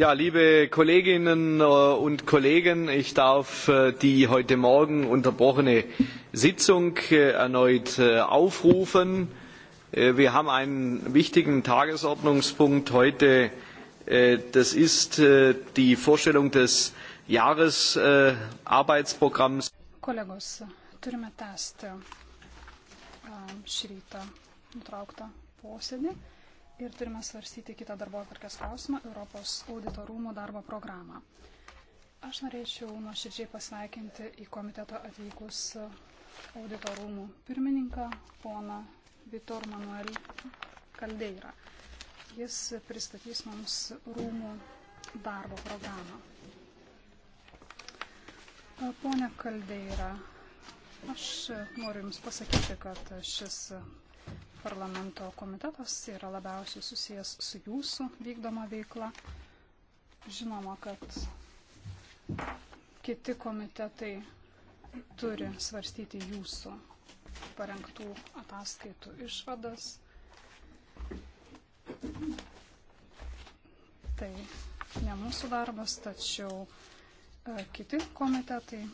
Ja, liebe Kolleginnen äh, und Kollegen, ich darf äh, die heute Morgen unterbrochene Sitzung äh, erneut aufrufen. Wir haben einen wichtigen Tagesordnungspunkt heute. Das ist die Vorstellung des Jahresarbeitsprogramms. Kolegos, turime tęsti šį rytą nutrauktą posėdį ir turime svarstyti kitą darbo atvarkės klausimą - Europos audito rūmų darbo programą. Aš norėčiau nuoširdžiai pasveikinti į komitetą atvykus audito rūmų pirmininką, poną Vitor Manuel Kaldeirą. Jis pristatys mums rūmų darbo programą. Pone Kaldeira, aš noriu Jums pasakyti, kad šis parlamento komitetas yra labiausiai susijęs su jūsų vykdoma veikla. Žinoma, kad kiti komitetai turi svarstyti jūsų parengtų ataskaitų išvadas. Tai ne mūsų darbas, tačiau e, kiti komitetai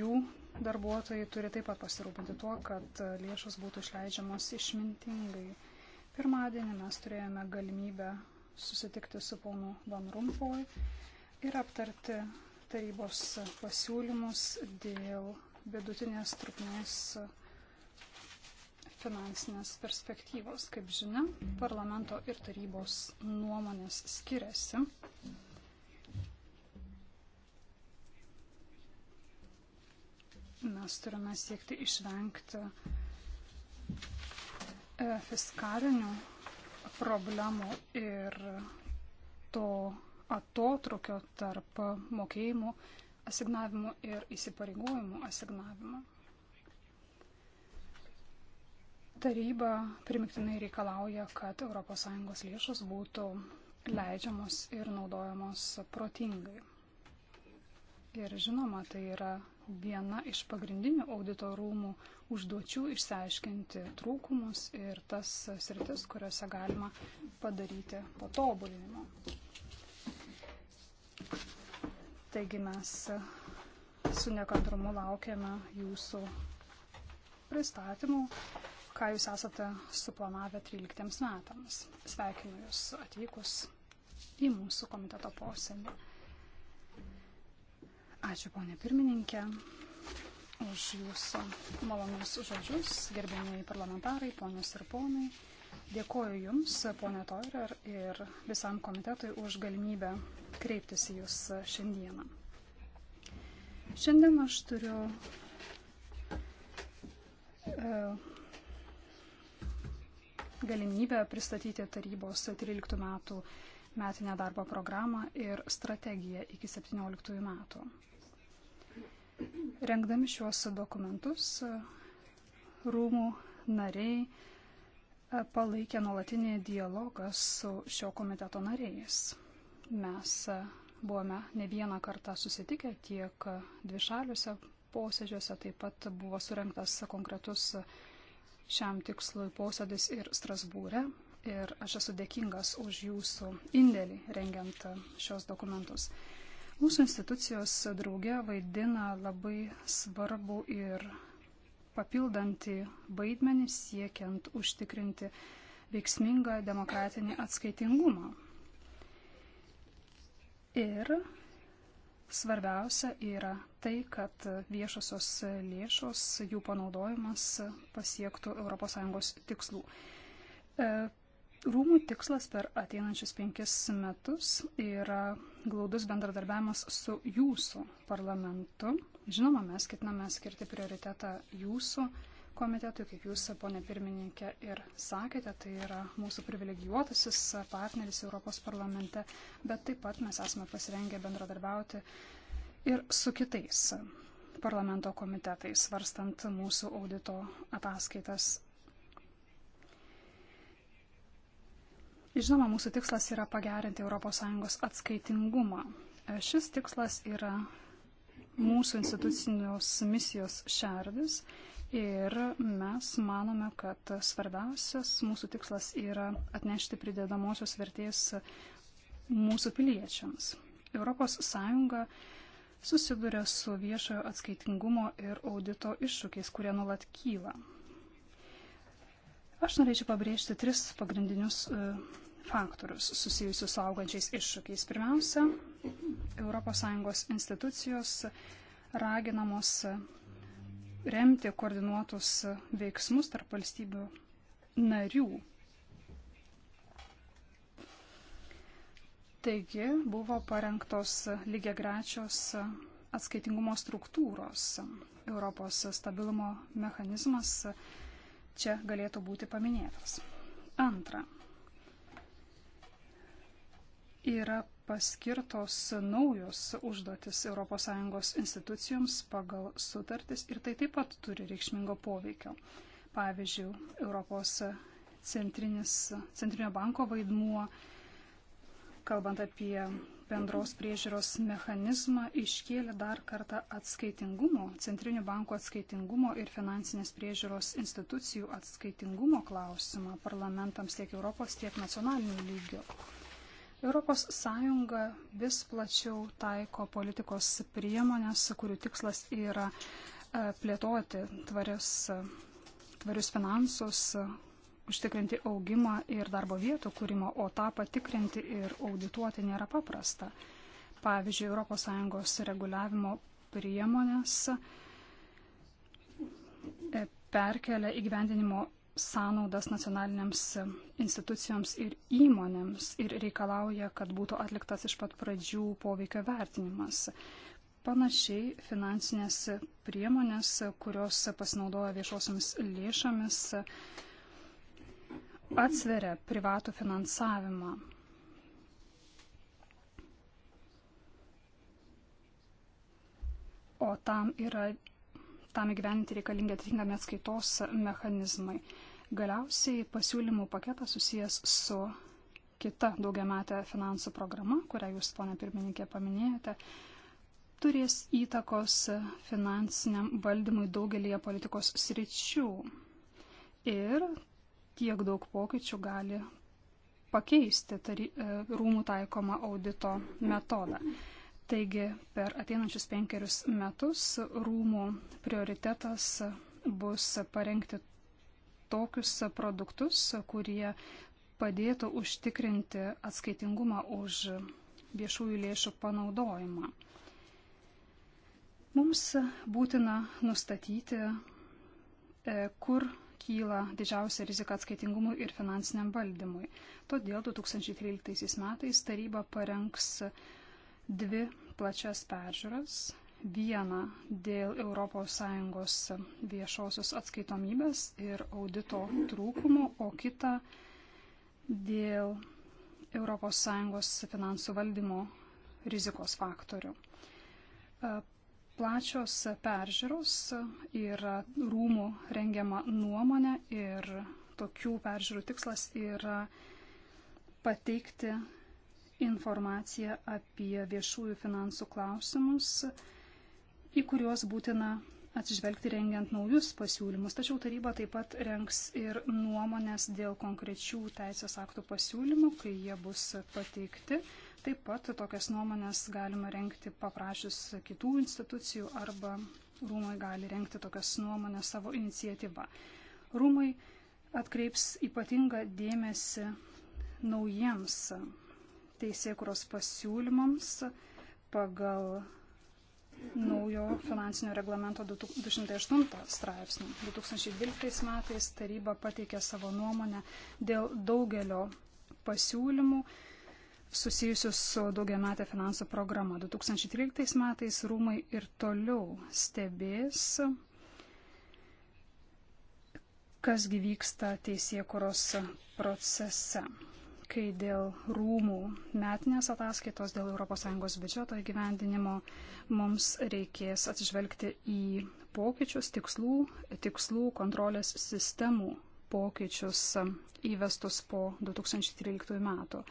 jų darbuotojai turi taip pat pasirūpinti tuo, kad lėšos būtų išleidžiamos išmintingai. Pirmadienį mes turėjome galimybę susitikti su ponu Van Rumpoj ir aptarti tarybos pasiūlymus dėl vidutinės trukmės finansinės perspektyvos. Kaip žinia, parlamento ir tarybos nuomonės skiriasi. Mes turime siekti išvengti e, fiskalinių problemų ir to atotrukio tarp mokėjimų asignavimų ir įsipareigojimų asignavimų. Taryba primiktinai reikalauja, kad ES lėšos būtų leidžiamos ir naudojamos protingai. Ir žinoma, tai yra viena iš pagrindinių audito rūmų užduočių išsiaiškinti trūkumus ir tas sritis, kuriuose galima padaryti patobulinimą. Taigi mes su nekantrumu laukiame jūsų pristatymų, ką jūs esate suplanavę 13 metams. Sveikinu jūs atvykus į mūsų komiteto posėdį. Ačiū, ponė pirmininkė, už jūsų malonius žodžius, gerbėmiai parlamentarai, ponios ir ponai. Dėkoju Jums, ponė Toirer, ir visam komitetui už galimybę kreiptis į Jūs šiandieną. Šiandien aš turiu e, galimybę pristatyti tarybos 13 metų metinę darbo programą ir strategiją iki 17 metų. Rengdami šiuos dokumentus, rūmų nariai e, palaikė nuolatinį dialogą su šio komiteto nariais. Mes e, buvome ne vieną kartą susitikę tiek dvišaliuose posėdžiuose, taip pat buvo surinktas konkretus šiam tikslui posėdis ir Strasbūrė. Ir aš esu dėkingas už jūsų indėlį rengiant šios dokumentus. Mūsų institucijos drauge vaidina labai svarbu ir papildantį vaidmenį siekiant užtikrinti veiksmingą demokratinį atskaitingumą. Ir svarbiausia yra tai, kad viešosios lėšos, jų panaudojimas pasiektų ES tikslų. E, Rūmų tikslas per ateinančius penkis metus yra glaudus bendradarbiavimas su jūsų parlamentu. Žinoma, mes ketiname skirti prioritetą jūsų komitetui, kaip jūs, ponė pirmininkė, ir sakėte, tai yra mūsų privilegijuotasis partneris Europos parlamente, bet taip pat mes esame pasirengę bendradarbiauti ir su kitais parlamento komitetais, svarstant mūsų audito ataskaitas Žinoma, mūsų tikslas yra pagerinti ES atskaitingumą. Šis tikslas yra mūsų institucinios misijos šerdis ir mes manome, kad svarbiausias mūsų tikslas yra atnešti pridedamosios vertės mūsų piliečiams. ES susiduria su viešojo atskaitingumo ir audito iššūkiais, kurie nulat kyla. Aš norėčiau pabrėžti tris pagrindinius uh, faktorius susijusius su augančiais iššūkiais. Pirmiausia, ES institucijos raginamos remti koordinuotus veiksmus tarp valstybių narių. Taigi buvo parengtos lygiagrečios atskaitingumo struktūros. Europos stabilumo mechanizmas čia galėtų būti paminėtas. Antra, yra paskirtos naujos užduotis ES institucijoms pagal sutartis ir tai taip pat turi reikšmingo poveikio. Pavyzdžiui, Europos centrinio banko vaidmuo, kalbant apie bendros priežiūros mechanizmą, iškėlė dar kartą atskaitingumo, centrinio banko atskaitingumo ir finansinės priežiūros institucijų atskaitingumo klausimą parlamentams tiek Europos, tiek nacionalinių lygių. ES vis plačiau taiko politikos priemonės, kurių tikslas yra e, plėtoti tvarius, tvarius finansus, užtikrinti augimą ir darbo vietų kūrimą, o tą patikrinti ir audituoti nėra paprasta. Pavyzdžiui, ES reguliavimo priemonės e, perkelia įgyvendinimo sąnaudas nacionalinėms institucijoms ir įmonėms ir reikalauja, kad būtų atliktas iš pat pradžių poveikio vertinimas. Panašiai finansinės priemonės, kurios pasinaudoja viešosiomis lėšomis, atsveria privatų finansavimą. O tam yra tam įgyventi reikalingi atitinkami atskaitos mechanizmai. Galiausiai pasiūlymų paketas susijęs su kita daugiametė finansų programa, kurią jūs, ponė pirmininkė, paminėjote, turės įtakos finansiniam valdymui daugelįje politikos sričių. Ir tiek daug pokyčių gali pakeisti tari, rūmų taikomą audito metodą. Mm. Taigi per ateinančius penkerius metus rūmų prioritetas bus parengti tokius produktus, kurie padėtų užtikrinti atskaitingumą už viešųjų lėšų panaudojimą. Mums būtina nustatyti, e, kur kyla didžiausia rizika atskaitingumui ir finansiniam valdymui. Todėl 2013 metais taryba parengs dvi plačias peržiūras. Vieną dėl ES viešosios atskaitomybės ir audito trūkumų, o kitą dėl ES finansų valdymo rizikos faktorių. E, plačios peržiūros yra rūmų rengiama nuomonė ir tokių peržiūrų tikslas yra pateikti informaciją apie viešųjų finansų klausimus, į kuriuos būtina atsižvelgti rengiant naujus pasiūlymus. Tačiau taryba taip pat renks ir nuomonės dėl konkrečių teisės aktų pasiūlymų, kai jie bus pateikti. Taip pat tokias nuomonės galima renkti paprašius kitų institucijų arba rūmai gali renkti tokias nuomonės savo iniciatyvą. Rūmai atkreips ypatingą dėmesį naujiems teisėkuros pasiūlymams pagal naujo finansinio reglamento 208 straipsnį. 2012 metais taryba pateikė savo nuomonę dėl daugelio pasiūlymų susijusius su daugiametė finansų programa. 2013 metais rūmai ir toliau stebės, kas gyvyksta teisėkuros procese kai dėl rūmų metinės ataskaitos dėl ES biudžeto įgyvendinimo mums reikės atsižvelgti į pokyčius, tikslų, tikslų kontrolės sistemų pokyčius įvestus po 2013 metų.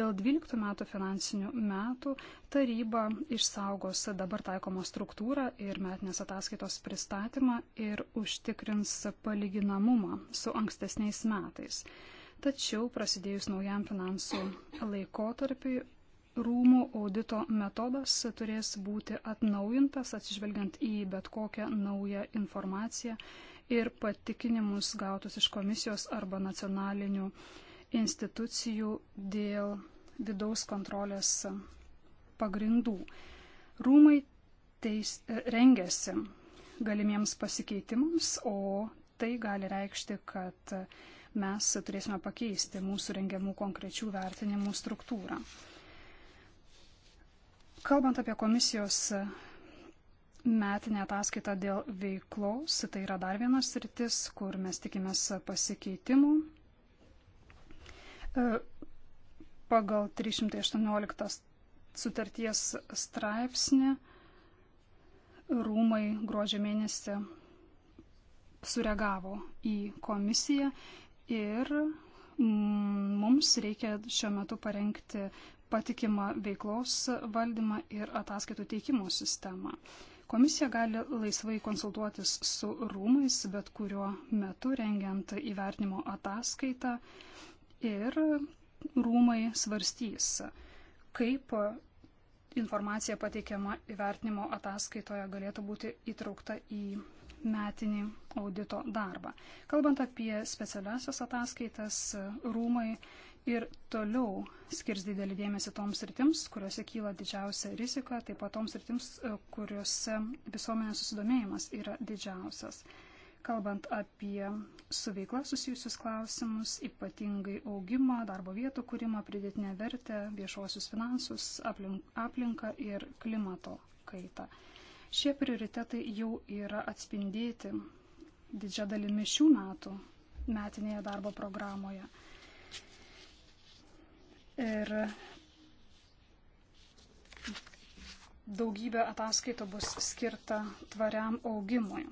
Dėl 12 metų finansinių metų taryba išsaugos dabar taikomą struktūrą ir metinės ataskaitos pristatymą ir užtikrins palyginamumą su ankstesniais metais. Tačiau prasidėjus naujam finansų laikotarpiui rūmų audito metodas turės būti atnaujintas atsižvelgiant į bet kokią naują informaciją ir patikinimus gautus iš komisijos arba nacionalinių institucijų dėl vidaus kontrolės pagrindų. Rūmai teis, rengiasi galimiems pasikeitimams, o tai gali reikšti, kad mes turėsime pakeisti mūsų rengiamų konkrečių vertinimų struktūrą. Kalbant apie komisijos metinė ataskaita dėl veiklos, tai yra dar vienas sritis, kur mes tikimės pasikeitimų. E, pagal 318 sutarties straipsnį rūmai gruodžio mėnesį sureagavo į komisiją ir mm, mums reikia šiuo metu parengti patikimą veiklos valdymą ir ataskaitų teikimo sistemą. Komisija gali laisvai konsultuotis su rūmais, bet kuriuo metu rengiant įvertinimo ataskaitą ir rūmai svarstys, kaip informacija pateikiama įvertinimo ataskaitoje galėtų būti įtraukta į metinį audito darbą. Kalbant apie specialiasias ataskaitas, rūmai ir toliau skirs didelį dėmesį toms rytims, kuriuose kyla didžiausia rizika, taip pat toms rytims, kuriuose visuomenės susidomėjimas yra didžiausias. Kalbant apie su veikla susijusius klausimus, ypatingai augimą, darbo vietų kūrimą, pridėtinę vertę, viešuosius finansus, aplinką ir klimato kaitą. Šie prioritetai jau yra atspindėti didžia dalimi šių metų metinėje darbo programoje. Ir daugybė ataskaitų bus skirta tvariam augimui.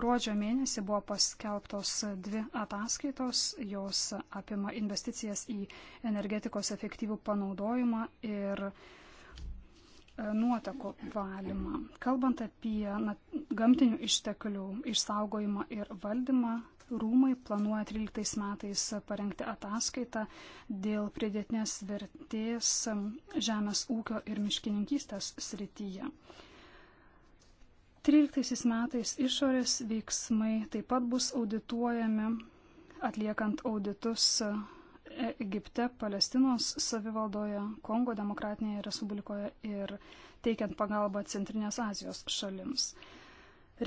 Gruodžio mėnesį buvo paskelbtos dvi ataskaitos, jos apima investicijas į energetikos efektyvų panaudojimą ir E, nuotekų valymą. Kalbant apie na, gamtinių išteklių išsaugojimą ir valdymą, rūmai planuoja 13 metais parengti ataskaitą dėl pridėtinės vertės žemės ūkio ir miškininkystės srityje. 13 metais išorės veiksmai taip pat bus audituojami, atliekant auditus Egipte, Palestinos savivaldoje, Kongo demokratinėje Respublikoje ir teikiant pagalbą Centrinės Azijos šalims.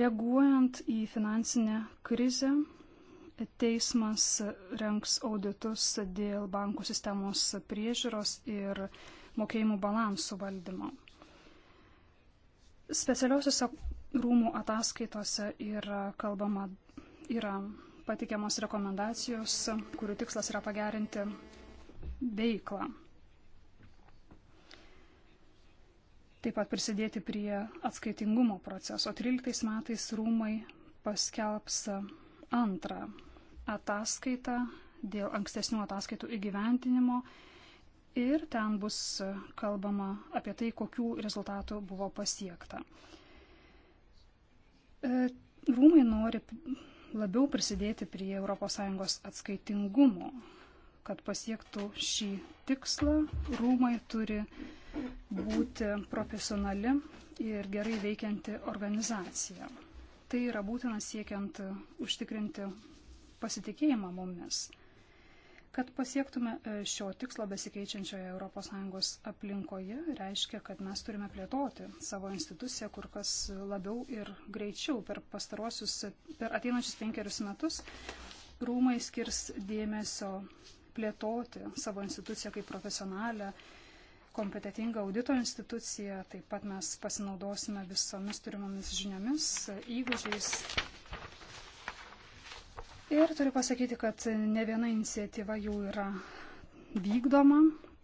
Reaguojant į finansinę krizę, teismas renks auditus dėl bankų sistemos priežiūros ir mokėjimų balansų valdymo. Specialiosiuose rūmų ataskaitose yra kalbama, yra patikiamos rekomendacijos, kurių tikslas yra pagerinti veiklą. Taip pat prisidėti prie atskaitingumo proceso. 13 metais rūmai paskelbs antrą ataskaitą dėl ankstesnių ataskaitų įgyventinimo ir ten bus kalbama apie tai, kokių rezultatų buvo pasiekta. E, rūmai nori labiau prisidėti prie ES atskaitingumo. Kad pasiektų šį tikslą, rūmai turi būti profesionali ir gerai veikianti organizacija. Tai yra būtina siekiant užtikrinti pasitikėjimą mumis. Kad pasiektume e, šio tikslo besikeičiančioje ES aplinkoje, reiškia, kad mes turime plėtoti savo instituciją kur kas labiau ir greičiau. Per, per ateinančius penkerius metus rūmai skirs dėmesio plėtoti savo instituciją kaip profesionalę, kompetitingą audito instituciją. Taip pat mes pasinaudosime visomis turimomis žiniomis, įgūdžiais Ir turiu pasakyti, kad ne viena iniciatyva jau yra vykdoma.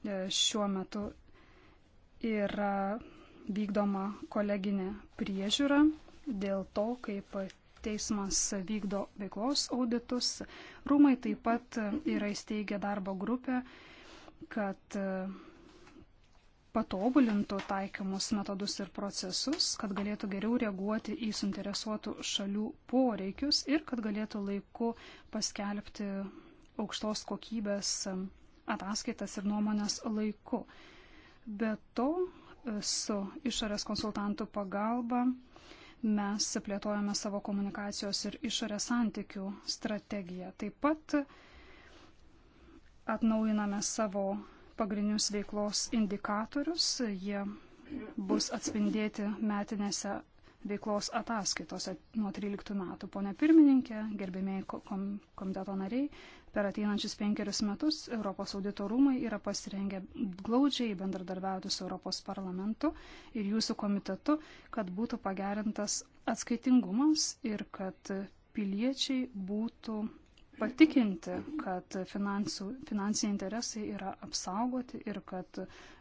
E, šiuo metu yra vykdoma koleginė priežiūra dėl to, kaip teismas vykdo veiklos auditus. Rūmai taip pat yra įsteigę darbo grupę, kad e, patobulintų taikymus metodus ir procesus, kad galėtų geriau reaguoti į suinteresuotų šalių poreikius ir kad galėtų laiku paskelbti aukštos kokybės ataskaitas ir nuomonės laiku. Be to, su išorės konsultantų pagalba mes plėtojame savo komunikacijos ir išorės santykių strategiją. Taip pat atnaujiname savo pagrindinius veiklos indikatorius. Jie bus atspindėti metinėse veiklos ataskaitose nuo 13 metų. Pone pirmininkė, gerbėmiai komiteto nariai, per ateinančius penkerius metus Europos audito rūmai yra pasirengę glaudžiai bendradarbiauti su Europos parlamentu ir jūsų komitetu, kad būtų pagerintas atskaitingumas ir kad piliečiai būtų patikinti, kad finansų, finansiniai interesai yra apsaugoti ir kad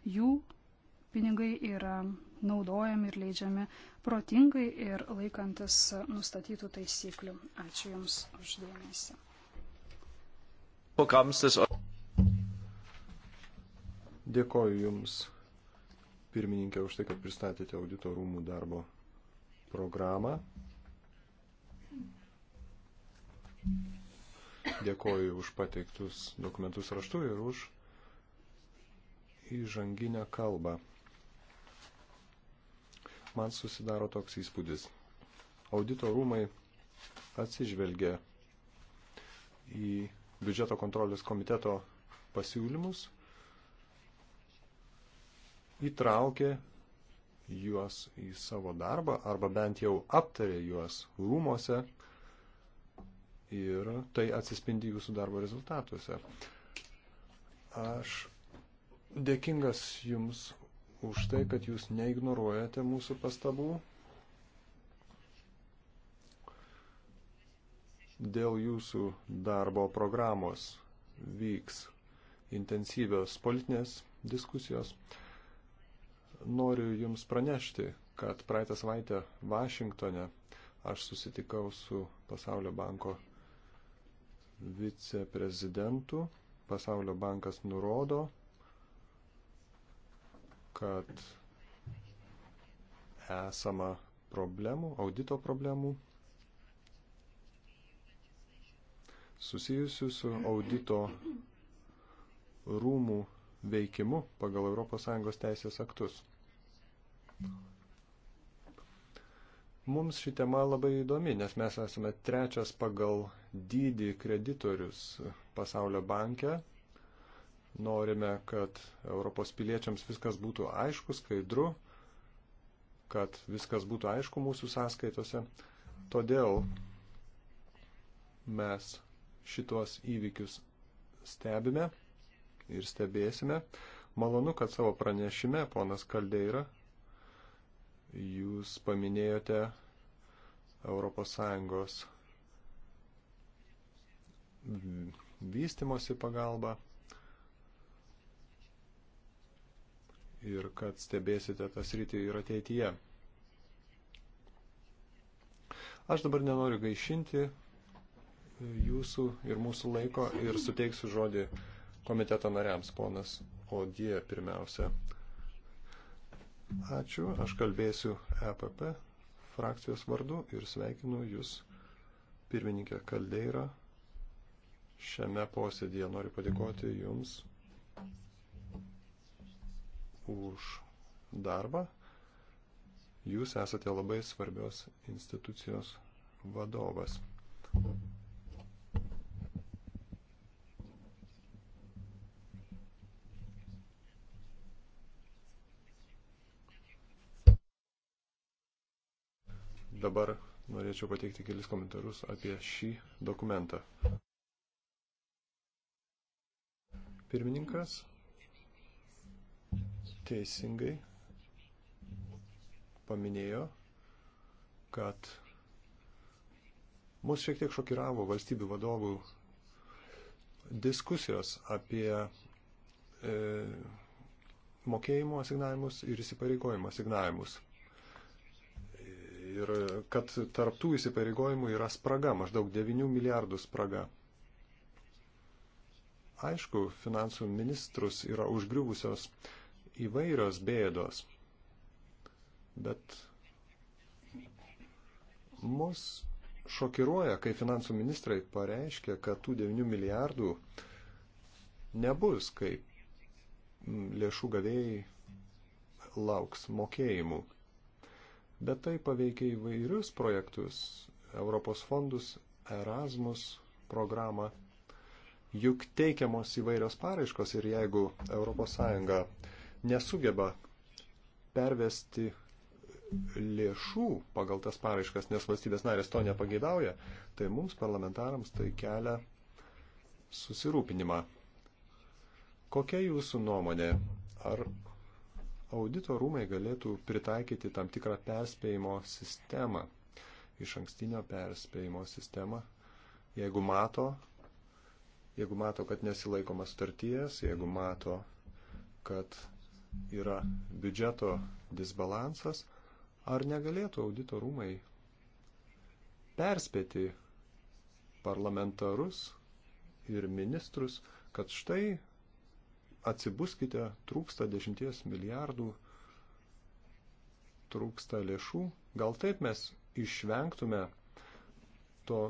jų pinigai yra naudojami ir leidžiami protingai ir laikantis nustatytų taisyklių. Ačiū Jums uždėmesi. Dėkoju Jums, pirmininkė, už tai, kad pristatėte audito rūmų darbo programą. Thank you. Dėkoju už pateiktus dokumentus raštu ir už įžanginę kalbą. Man susidaro toks įspūdis. Audito rūmai atsižvelgia į biudžeto kontrolės komiteto pasiūlymus, įtraukė juos į savo darbą arba bent jau aptarė juos rūmose ir tai atsispindi jūsų darbo rezultatuose. Aš dėkingas jums už tai, kad jūs neignoruojate mūsų pastabų. Dėl jūsų darbo programos vyks intensyvios politinės diskusijos. Noriu Jums pranešti, kad praeitą savaitę Vašingtone aš susitikau su Pasaulio banko viceprezidentų Pasaulio bankas nurodo, kad esama problemų, audito problemų susijusių su audito rūmų veikimu pagal ES teisės aktus. Mums ši tema labai įdomi, nes mes esame trečias pagal dydį kreditorius pasaulio banke. Norime, kad Europos piliečiams viskas būtų aišku, skaidru, kad viskas būtų aišku mūsų sąskaitose. Todėl mes šitos įvykius stebime ir stebėsime. Malonu, kad savo pranešime, ponas Kaldeira, jūs paminėjote ES Mhm. vystimosi pagalbą ir kad stebėsite tas rytį ir ateityje. Aš dabar nenoriu gaišinti jūsų ir mūsų laiko ir suteiksiu žodį komiteto nariams, ponas Odie pirmiausia. Ačiū, aš kalbėsiu EPP frakcijos vardu ir sveikinu Jūs, pirmininkė Kaldeira, šiame posėdėje. Noriu padėkoti Jums už darbą. Jūs esate labai svarbios institucijos vadovas. Dabar norėčiau pateikti kelis komentarus apie šį dokumentą. Pirmininkas. Teisingai paminėjo, kad mus šiek tiek šokiravo valstybių vadovų diskusijos apie e, mokėjimo asignavimus ir įsipareigojimo asignavimus. Ir kad tarptų įsipareigojimų yra spraga, maždaug 9 milijardų spraga. Aišku, finansų ministrus yra užgriuvusios įvairios bėdos, bet mus šokiruoja, kai finansų ministrai pareiškia, kad tų 9 milijardų nebus, kai lėšų gavėjai lauks mokėjimų. Bet tai paveikia įvairius projektus - Europos fondus, Erasmus programą Juk teikiamos įvairios paraiškos ir jeigu ES nesugeba pervesti lėšų pagal tas paraiškas, nes valstybės narės to nepageidauja, tai mums parlamentarams tai kelia susirūpinimą. Kokia jūsų nuomonė? Ar audito rūmai galėtų pritaikyti tam tikrą perspėjimo sistemą, iš ankstinio perspėjimo sistemą, jeigu mato, Jeigu mato, kad nesilaikoma starties, jeigu mato, kad yra biudžeto disbalansas, ar negalėtų audito rūmai perspėti parlamentarus ir ministrus, kad štai atsibuskite, trūksta dešimties milijardų, trūksta lėšų. Gal taip mes išvengtume to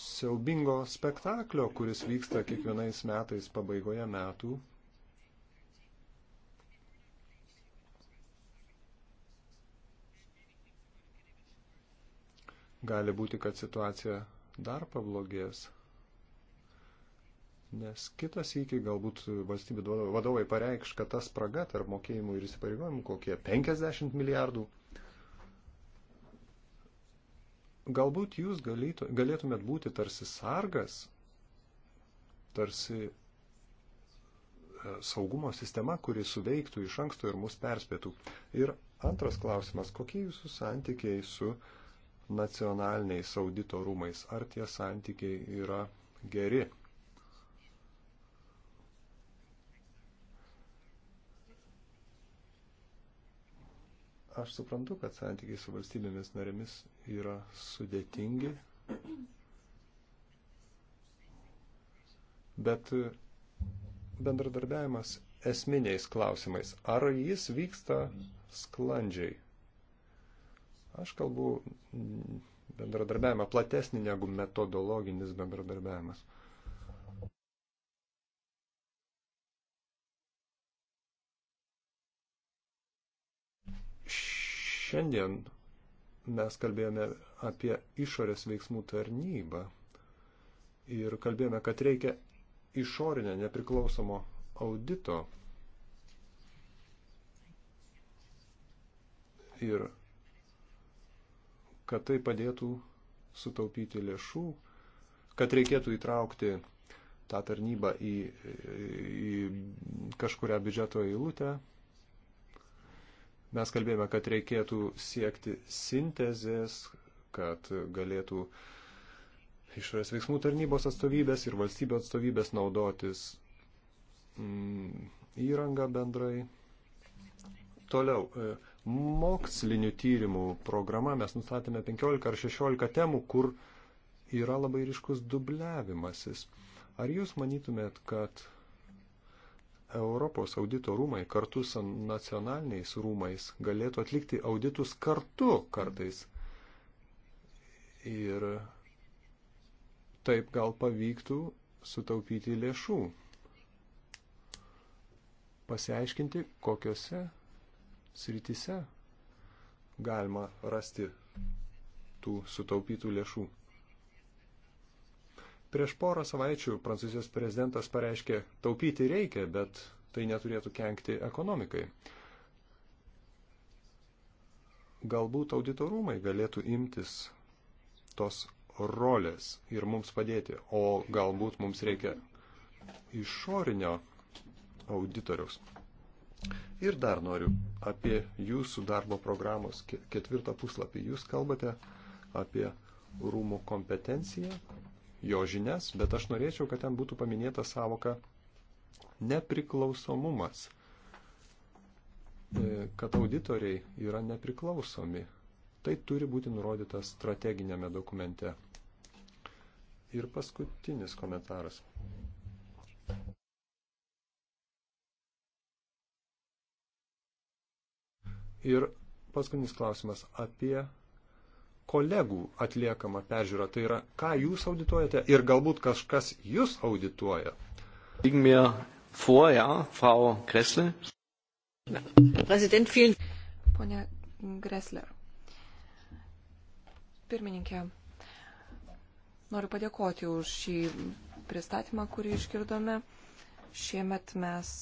siaubingo spektaklio, kuris vyksta kiekvienais metais pabaigoje metų. Gali būti, kad situacija dar pablogės, nes kitas įkį galbūt valstybių vadovai pareikš, kad ta spraga tarp mokėjimų ir įsipareigojimų kokie 50 milijardų Galbūt jūs galėtų, galėtumėt būti tarsi sargas, tarsi e, saugumo sistema, kuri suveiktų iš anksto ir mus perspėtų. Ir antras klausimas, kokie jūsų santykiai su nacionaliniais audito rūmais? Ar tie santykiai yra geri? Aš suprantu, kad santykiai su valstybėmis narėmis yra sudėtingi, bet bendradarbiavimas esminiais klausimais, ar jis vyksta sklandžiai. Aš kalbu bendradarbiavimą platesnį negu metodologinis bendradarbiavimas. Šiandien mes kalbėjome apie išorės veiksmų tarnybą ir kalbėjome, kad reikia išorinę nepriklausomo audito. Ir kad tai padėtų sutaupyti lėšų, kad reikėtų įtraukti tą tarnybą į, į kažkurią biudžeto eilutę, Mes kalbėjome, kad reikėtų siekti sintezės, kad galėtų išorės veiksmų tarnybos atstovybės ir valstybių atstovybės naudotis mm, įrangą bendrai. Toliau, e, mokslinių tyrimų programa mes nustatėme 15 ar 16 temų, kur yra labai ryškus dubliavimasis. Ar jūs manytumėt, kad Europos audito rūmai kartu su nacionaliniais rūmais galėtų atlikti auditus kartu kartais. Ir taip gal pavyktų sutaupyti lėšų. Pasiaiškinti, kokiuose sritise galima rasti tų sutaupytų lėšų. Prieš porą savaičių Prancūzijos prezidentas pareiškė, taupyti reikia, bet tai neturėtų kenkti ekonomikai. Galbūt auditorumai galėtų imtis tos rolės ir mums padėti, o galbūt mums reikia išorinio auditoriaus. Ir dar noriu apie jūsų darbo programos ketvirtą puslapį. Jūs kalbate apie rūmų kompetenciją jo žinias, bet aš norėčiau, kad ten būtų paminėta savoka nepriklausomumas, e, kad auditoriai yra nepriklausomi. Tai turi būti nurodyta strateginėme dokumente. Ir paskutinis komentaras. Ir paskutinis klausimas apie kolegų atliekama peržiūra, tai yra, ką jūs audituojate ir galbūt kažkas jūs audituoja. Pone Gressler. Pirmininkė, noriu padėkoti už šį pristatymą, kurį išgirdome. Šiemet mes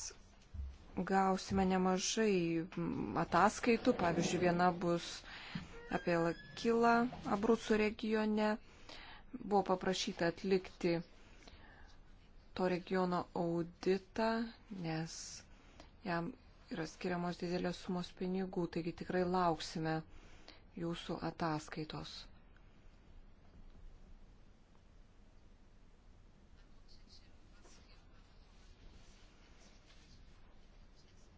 gausime nemažai ataskaitų, pavyzdžiui, viena bus apie Lakilą Abrucų regione. Buvo paprašyta atlikti to regiono auditą, nes jam yra skiriamos didelės sumos pinigų, taigi tikrai lauksime jūsų ataskaitos.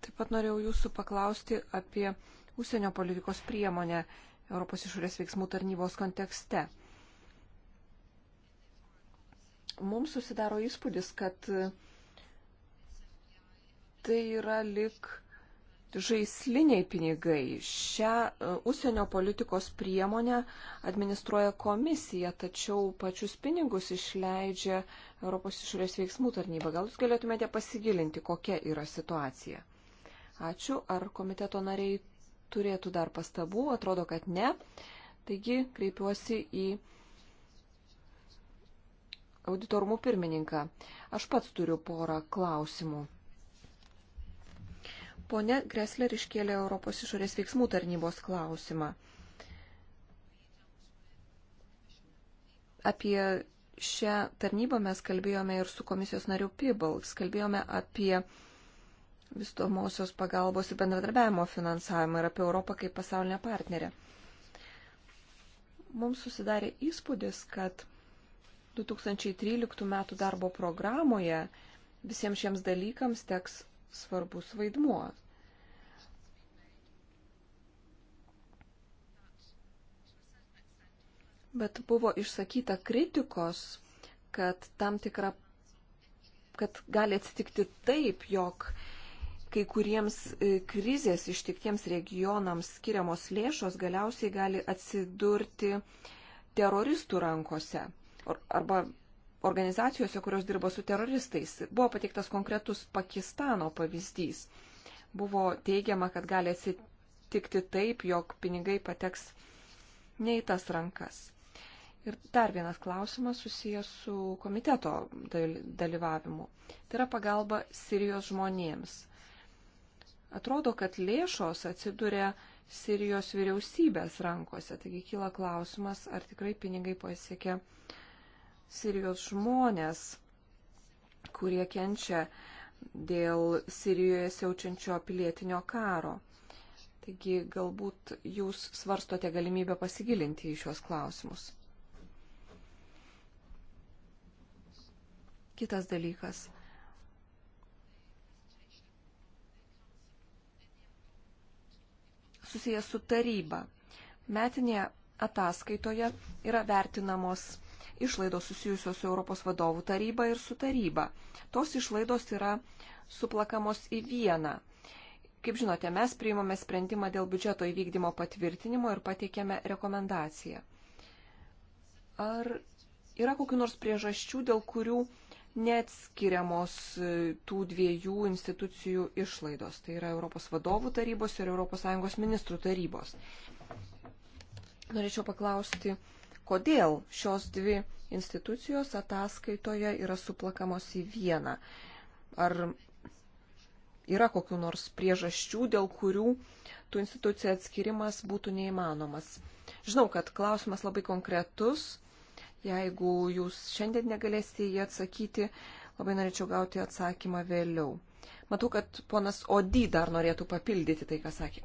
Taip pat norėjau jūsų paklausti apie užsienio politikos priemonę Europos išorės veiksmų tarnybos kontekste. Mums susidaro įspūdis, kad tai yra lik žaisliniai pinigai. Šią e, užsienio politikos priemonę administruoja komisija, tačiau pačius pinigus išleidžia Europos išorės veiksmų tarnyba. Gal jūs galėtumėte pasigilinti, kokia yra situacija? Ačiū. Ar komiteto nariai turėtų dar pastabų, atrodo, kad ne. Taigi kreipiuosi į auditorumų pirmininką. Aš pats turiu porą klausimų. Pone Gresler iškėlė Europos išorės veiksmų tarnybos klausimą. Apie šią tarnybą mes kalbėjome ir su komisijos nariu Pibalks. Kalbėjome apie vystomosios pagalbos ir bendradarbiavimo finansavimą ir apie Europą kaip pasaulinę partnerę. Mums susidarė įspūdis, kad 2013 m. darbo programoje visiems šiems dalykams teks svarbus vaidmuo. Bet buvo išsakyta kritikos, kad tam tikra, kad gali atsitikti taip, jog uh, kai kuriems e, krizės ištiktiems regionams skiriamos lėšos galiausiai gali atsidurti teroristų rankose arba organizacijose, kurios dirba su teroristais. Buvo pateiktas konkretus Pakistano pavyzdys. Buvo teigiama, kad gali atsitikti taip, jog pinigai pateks ne į tas rankas. Ir dar vienas klausimas susijęs su komiteto dalyvavimu. Tai yra pagalba Sirijos žmonėms. Atrodo, kad lėšos atsiduria Sirijos vyriausybės rankose. Taigi kyla klausimas, ar tikrai pinigai pasiekia Sirijos žmonės, kurie kenčia dėl Sirijoje siaučiančio pilietinio karo. Taigi galbūt jūs svarstote galimybę pasigilinti į šios klausimus. Kitas dalykas. susijęs su taryba. Metinėje ataskaitoje yra vertinamos išlaidos susijusios su Europos vadovų taryba ir su taryba. Tos išlaidos yra suplakamos į vieną. Kaip žinote, mes priimame sprendimą dėl biudžeto įvykdymo patvirtinimo ir pateikėme rekomendaciją. Ar yra kokiu nors priežasčių, dėl kurių neatskiriamos e, tų dviejų institucijų išlaidos, tai yra Europos vadovų tarybos ir ES ministrų tarybos. Norėčiau paklausti, kodėl šios dvi institucijos ataskaitoje yra suplakamos į vieną. Ar yra kokiu nors priežasčių, dėl kurių tų institucijų atskirimas būtų neįmanomas. Žinau, kad klausimas labai konkretus, Jeigu jūs šiandien negalėsite jį atsakyti, labai norėčiau gauti atsakymą vėliau. Matau, kad ponas Odi dar norėtų papildyti tai, ką sakė.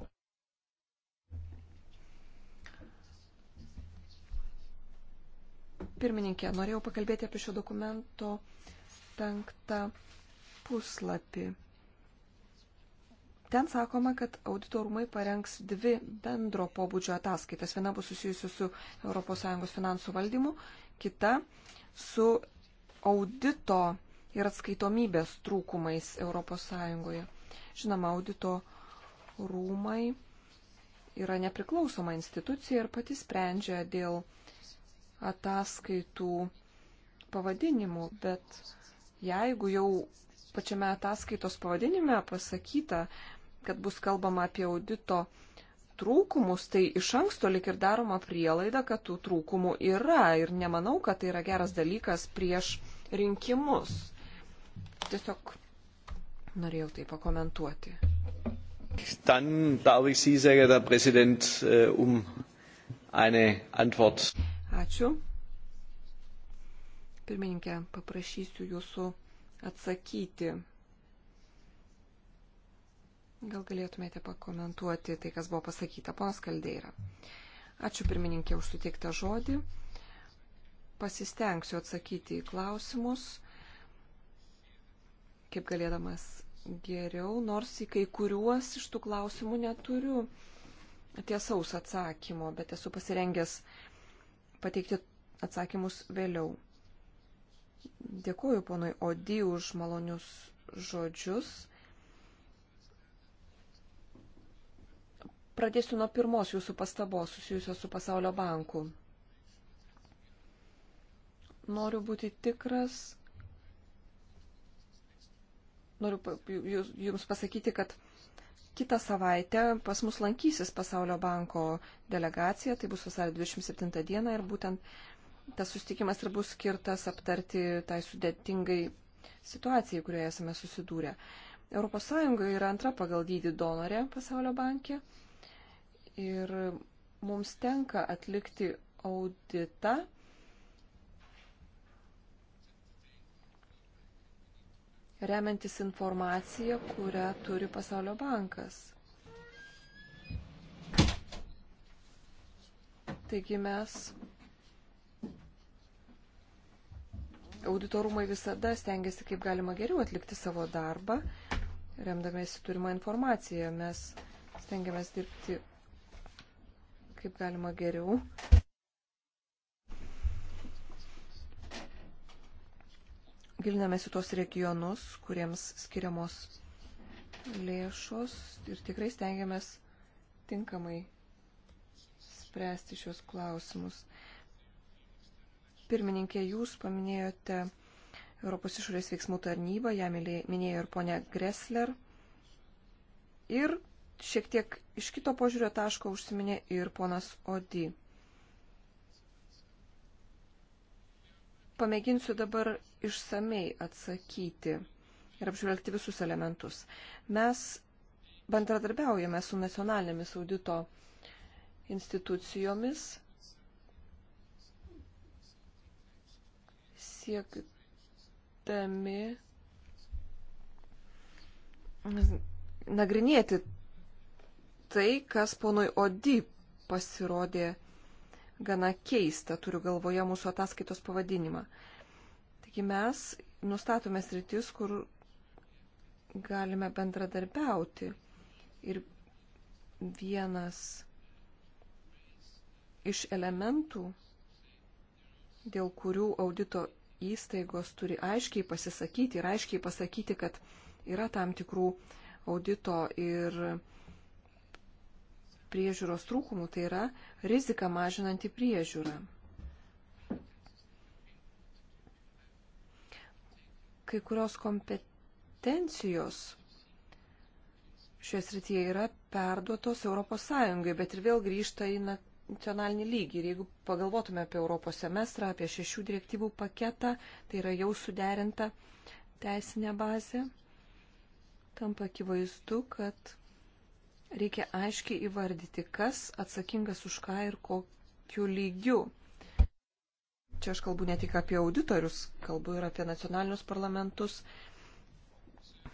Pirmininkė, norėjau pakalbėti apie šio dokumento penktą puslapį. Ten sakoma, kad auditorumai parengs dvi bendro pobūdžio ataskaitas. Viena bus susijusi su ES finansų valdymu kita su audito ir atskaitomybės trūkumais ES. Žinoma, audito rūmai yra nepriklausoma institucija ir pati sprendžia dėl ataskaitų pavadinimų, bet jeigu jau pačiame ataskaitos pavadinime pasakyta, kad bus kalbama apie audito trūkumus, tai iš anksto lik ir daroma prielaida, kad tų trūkumų yra ir nemanau, kad tai yra geras dalykas prieš rinkimus. Tiesiog norėjau tai pakomentuoti. Dann darf ich Sie, sehr geehrter Präsident, äh, um eine Antwort. Ačiū. Pirmininkė, paprašysiu jūsų atsakyti Gal galėtumėte pakomentuoti tai, kas buvo pasakyta, ponas Kaldeira. Ačiū pirmininkė už suteiktą žodį. Pasistengsiu atsakyti į klausimus, kaip galėdamas geriau, nors į kai kuriuos iš tų klausimų neturiu tiesaus atsakymo, bet esu pasirengęs pateikti atsakymus vėliau. Dėkuoju ponui Odi už malonius žodžius. Pradėsiu nuo pirmos jūsų pastabos susijusios su Pasaulio banku. Noriu būti tikras, noriu jums pasakyti, kad kitą savaitę pas mus lankysis Pasaulio banko delegacija, tai bus vasario 27 dieną ir būtent tas sustikimas ir bus skirtas aptarti tai sudėtingai situacijai, kurioje esame susidūrę. ES yra antra pagal dydį donorė Pasaulio bankė ir mums tenka atlikti auditą. remiantis informaciją, kurią turi Pasaulio bankas. Taigi mes auditorumai visada stengiasi kaip galima geriau atlikti savo darbą, remdamėsi turimą informaciją. Mes stengiamės dirbti kaip galima geriau. Gilinamės į tuos regionus, kuriems skiriamos lėšos ir tikrai stengiamės tinkamai spręsti šios klausimus. Pirmininkė, jūs paminėjote Europos išorės veiksmų tarnybą, ją minėjo ir ponia Gressler. Ir šiek tiek iš kito požiūrio taško užsiminė ir ponas Odi. Pamėginsiu dabar išsamei atsakyti ir apžvelgti visus elementus. Mes bendradarbiaujame su nacionalinėmis audito institucijomis, siekdami nagrinėti tai, kas ponui Odi pasirodė gana keista, turiu galvoje mūsų ataskaitos pavadinimą. Taigi mes nustatome sritis, kur galime bendradarbiauti. Ir vienas iš elementų, dėl kurių audito įstaigos turi aiškiai pasisakyti ir aiškiai pasakyti, kad yra tam tikrų audito ir priežiūros trūkumų, tai yra rizika mažinanti priežiūrą. Kai kurios kompetencijos šioje srityje yra perduotos ES, bet ir vėl grįžta į nacionalinį lygį. Ir jeigu pagalvotume apie Europos semestrą, apie šešių direktyvų paketą, tai yra jau suderinta teisinė bazė, tampa akivaizdu, kad reikia aiškiai įvardyti, kas atsakingas už ką ir kokiu lygiu. Čia aš kalbu ne tik apie auditorius, kalbu ir apie nacionalinius parlamentus,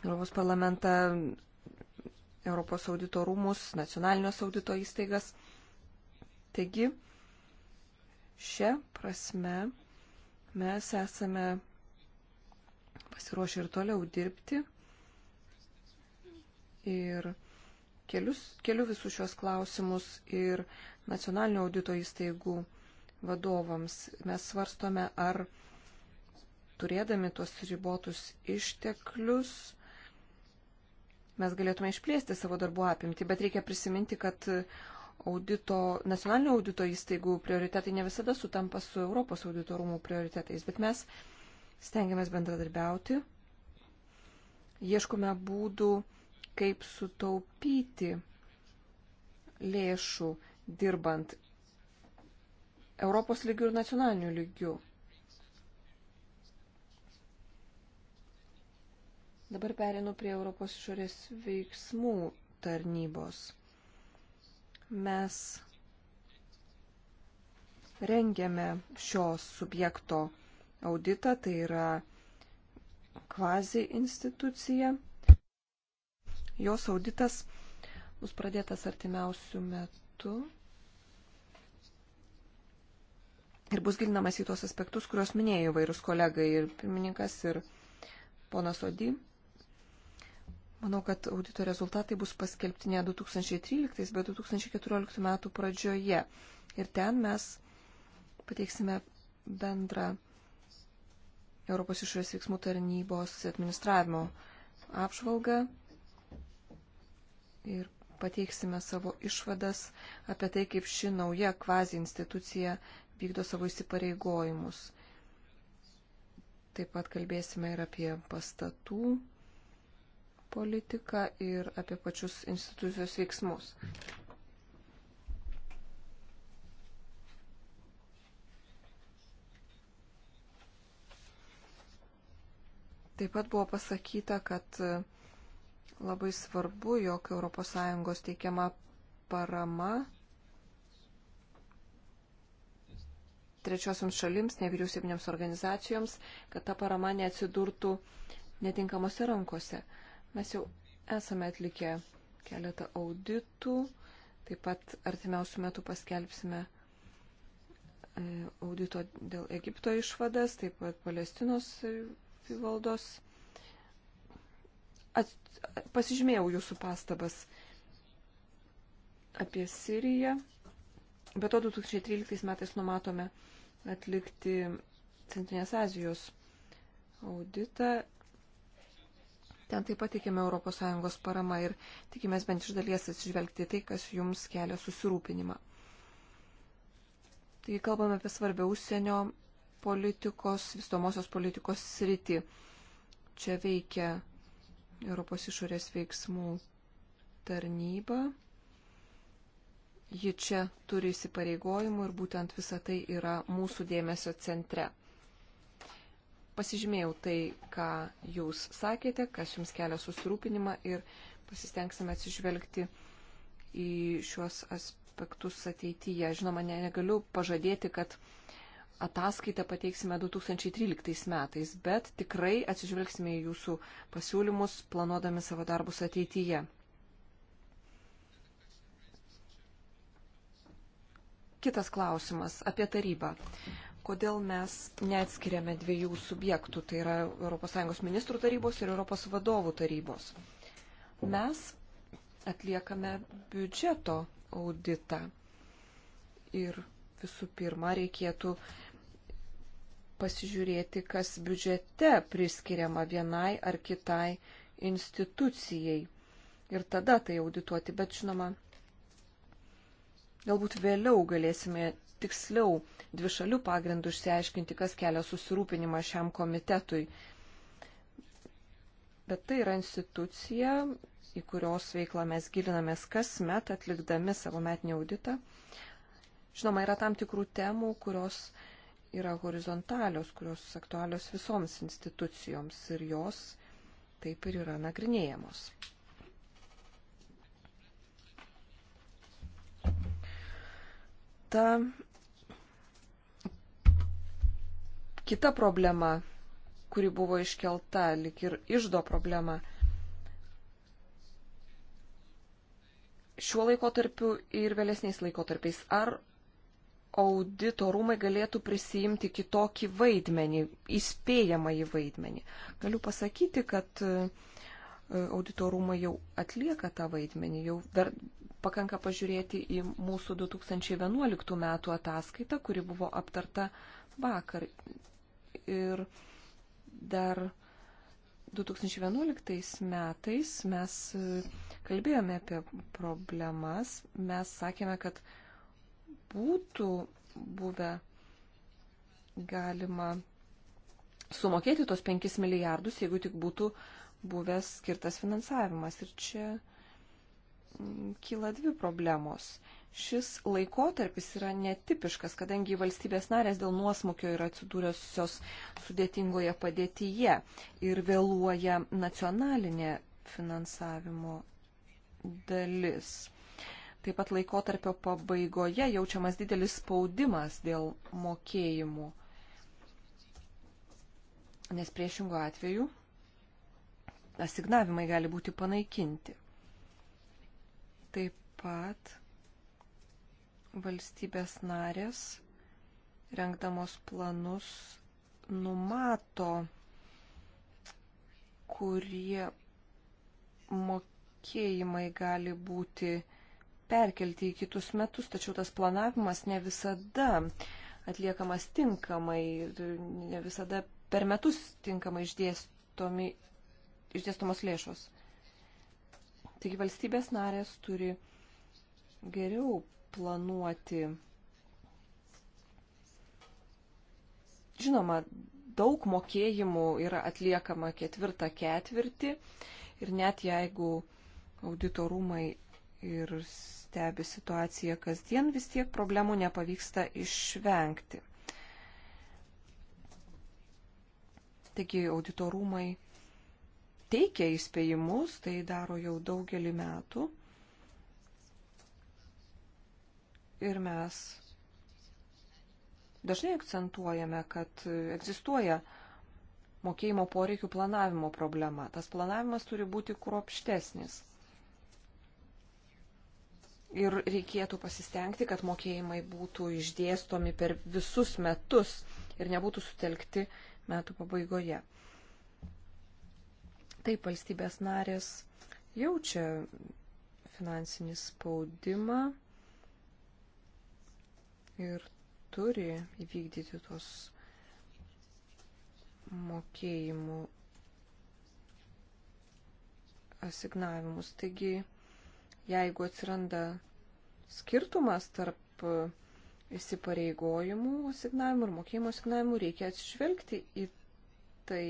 Europos parlamentą, Europos audito rūmus, nacionalinės audito įstaigas. Taigi, šią prasme mes esame pasiruošę ir toliau dirbti. Ir kelius, keliu visus šios klausimus ir nacionalinio audito įstaigų vadovams. Mes svarstome, ar turėdami tuos ribotus išteklius mes galėtume išplėsti savo darbų apimtį, bet reikia prisiminti, kad audito, nacionalinio audito įstaigų prioritetai ne visada sutampa su Europos audito rūmų prioritetais, bet mes stengiamės bendradarbiauti, ieškome būdų, kaip sutaupyti lėšų dirbant Europos lygių ir nacionalinių lygių. Dabar perinu prie Europos išorės veiksmų tarnybos. Mes rengiame šio subjekto auditą, tai yra kvazi institucija. Jos auditas bus pradėtas artimiausių metų ir bus gilinamas į tuos aspektus, kuriuos minėjo įvairūs kolegai ir pirmininkas ir ponas Odį. Manau, kad audito rezultatai bus paskelbti ne 2013, bet 2014 metų pradžioje. Ir ten mes pateiksime bendrą Europos išorės veiksmų tarnybos administravimo apžvalgą ir pateiksime savo išvadas apie tai, kaip ši nauja kvazi institucija vykdo savo įsipareigojimus. Taip pat kalbėsime ir apie pastatų politiką ir apie pačius institucijos veiksmus. Taip pat buvo pasakyta, kad Labai svarbu, jog ES teikiama parama trečiosiams šalims, nevyriausybinėms organizacijoms, kad ta parama neatsidurtų netinkamose rankose. Mes jau esame atlikę keletą auditų, taip pat artimiausių metų paskelbsime e, audito dėl Egipto išvadas, taip pat Palestinos e, valdos at, pasižymėjau jūsų pastabas apie Siriją. Be to 2013 metais numatome atlikti Centrinės Azijos auditą. Ten taip pat tikime ES parama ir tikimės bent iš dalies atsižvelgti tai, kas jums kelia susirūpinimą. Taigi kalbame apie svarbę užsienio politikos, vystomosios politikos sritį. Čia veikia Europos išorės veiksmų tarnyba. Ji čia turi įsipareigojimų ir būtent visa tai yra mūsų dėmesio centre. Pasižymėjau tai, ką jūs sakėte, kas jums kelia susirūpinimą ir pasistengsime atsižvelgti į šiuos aspektus ateityje. Žinoma, negaliu pažadėti, kad ataskaitą pateiksime 2013 metais, bet tikrai atsižvelgsime į jūsų pasiūlymus, planuodami savo darbus ateityje. Kitas klausimas apie tarybą. Kodėl mes neatskiriame dviejų subjektų, tai yra ES ministrų tarybos ir ES vadovų tarybos? Mes atliekame biudžeto auditą ir visų pirma reikėtų pasižiūrėti, kas biudžete priskiriama vienai ar kitai institucijai. Ir tada tai audituoti, bet žinoma, galbūt vėliau galėsime tiksliau dvišalių pagrindų išsiaiškinti, kas kelia susirūpinimą šiam komitetui. Bet tai yra institucija, į kurios veiklą mes gilinamės kasmet atlikdami savo metinį auditą. Žinoma, yra tam tikrų temų, kurios yra horizontalios, kurios aktualios visoms institucijoms ir jos taip ir yra nagrinėjamos. Ta kita problema, kuri buvo iškelta, lik ir išdo problema. Šiuo laikotarpiu ir vėlesniais laikotarpiais ar audito rūmai galėtų prisijimti kitokį vaidmenį, įspėjamąjį vaidmenį. Galiu pasakyti, kad e, audito rūmai jau atlieka tą vaidmenį, jau dar pakanka pažiūrėti į mūsų 2011 metų ataskaitą, kuri buvo aptarta vakar. Ir dar 2011 metais mes e, kalbėjome apie problemas, mes sakėme, kad būtų buvę galima sumokėti tos 5 milijardus, jeigu tik būtų buvęs skirtas finansavimas. Ir čia mm, kyla dvi problemos. Šis laikotarpis yra netipiškas, kadangi valstybės narės dėl nuosmukio yra atsidūrusios sudėtingoje padėtyje ir vėluoja nacionalinė finansavimo dalis. Taip pat laikotarpio pabaigoje jaučiamas didelis spaudimas dėl mokėjimų. Nes priešingų atveju asignavimai gali būti panaikinti. Taip pat valstybės narės, renkdamos planus, numato, kurie mokėjimai gali būti perkelti į kitus metus, tačiau tas planavimas ne visada atliekamas tinkamai, ne visada per metus tinkamai išdėstomi, išdėstomos lėšos. Taigi valstybės narės turi geriau planuoti. Žinoma, daug mokėjimų yra atliekama ketvirtą ketvirtį ir net jeigu auditorumai ir stebi situaciją kasdien, vis tiek problemų nepavyksta išvengti. Taigi auditorumai teikia įspėjimus, tai daro jau daugelį metų. Ir mes dažnai akcentuojame, kad egzistuoja mokėjimo poreikių planavimo problema. Tas planavimas turi būti kruopštesnis ir reikėtų pasistengti, kad mokėjimai būtų išdėstomi per visus metus ir nebūtų sutelkti metų pabaigoje. Taip valstybės narės jaučia finansinį spaudimą ir turi įvykdyti tos mokėjimų asignavimus. Taigi, jeigu atsiranda skirtumas tarp įsipareigojimų signavimų ir mokėjimo signavimų, reikia atsižvelgti į tai,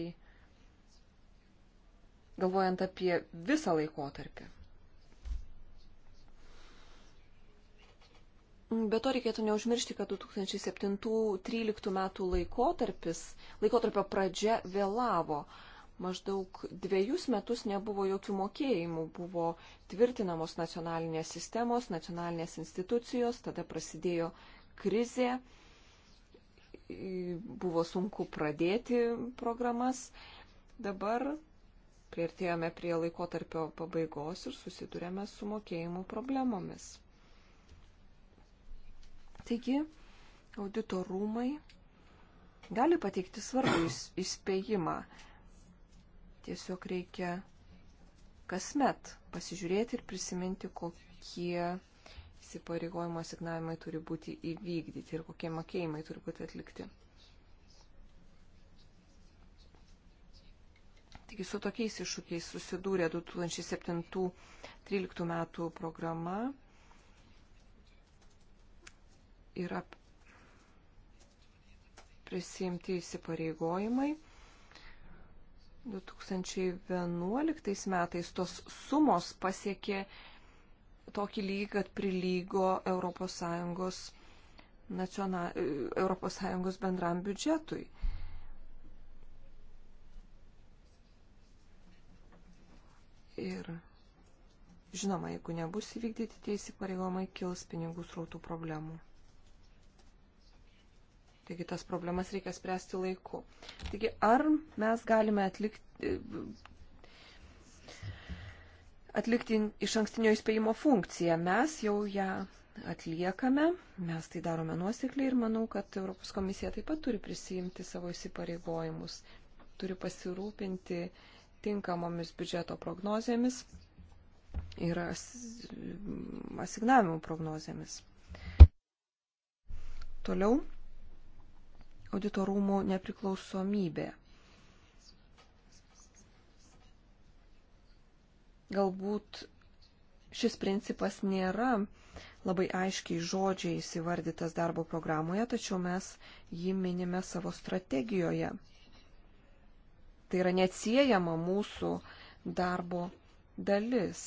galvojant apie visą laikotarpį. Be to reikėtų neužmiršti, kad 2007-2013 metų laikotarpis, laikotarpio pradžia vėlavo. Uh, maždaug dviejus metus nebuvo jokių mokėjimų, buvo tvirtinamos nacionalinės sistemos, nacionalinės institucijos, tada prasidėjo krizė, buvo sunku pradėti programas. Dabar prieartėjome prie laikotarpio pabaigos ir susidurėme su mokėjimų problemomis. Taigi, auditorumai gali pateikti svarbų įspėjimą. Is, Tiesiog reikia kasmet pasižiūrėti ir prisiminti, kokie įsipareigojimo asignavimai turi būti įvykdyti ir kokie mokėjimai turi būti atlikti. Taigi su tokiais iššūkiais susidūrė 2007-2013 metų programa. Yra prisimti įsipareigojimai. 2011 metais tos sumos pasiekė tokį lygį, kad prilygo ES, nacional... ES bendram biudžetui. Ir žinoma, jeigu nebus įvykdyti tie įsipareigomai, kils pinigų srautų problemų. Taigi tas problemas reikia spręsti laiku. Taigi ar mes galime atlikti, atlikti iš ankstinio įspėjimo funkciją? Mes jau ją atliekame, mes tai darome nuosekliai ir manau, kad Europos komisija taip pat turi prisijimti savo įsipareigojimus, turi pasirūpinti tinkamomis biudžeto prognozėmis ir asignavimų prognozėmis. Toliau auditorumų nepriklausomybė. Galbūt šis principas nėra labai aiškiai žodžiai įsivardytas darbo programoje, tačiau mes jį minime savo strategijoje. Tai yra neatsiejama mūsų darbo dalis.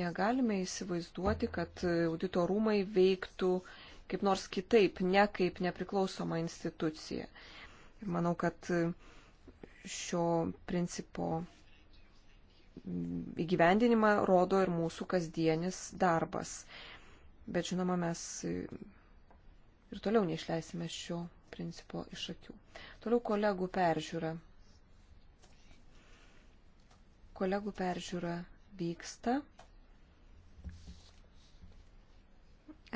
Negalime įsivaizduoti, kad auditorumai veiktų uh, kaip nors kitaip, ne kaip nepriklausoma institucija. Ir manau, kad šio principo įgyvendinimą rodo ir mūsų kasdienis darbas. Bet žinoma, mes ir toliau neišleisime šio principo iš akių. Toliau kolegų peržiūra. Kolegų peržiūra vyksta.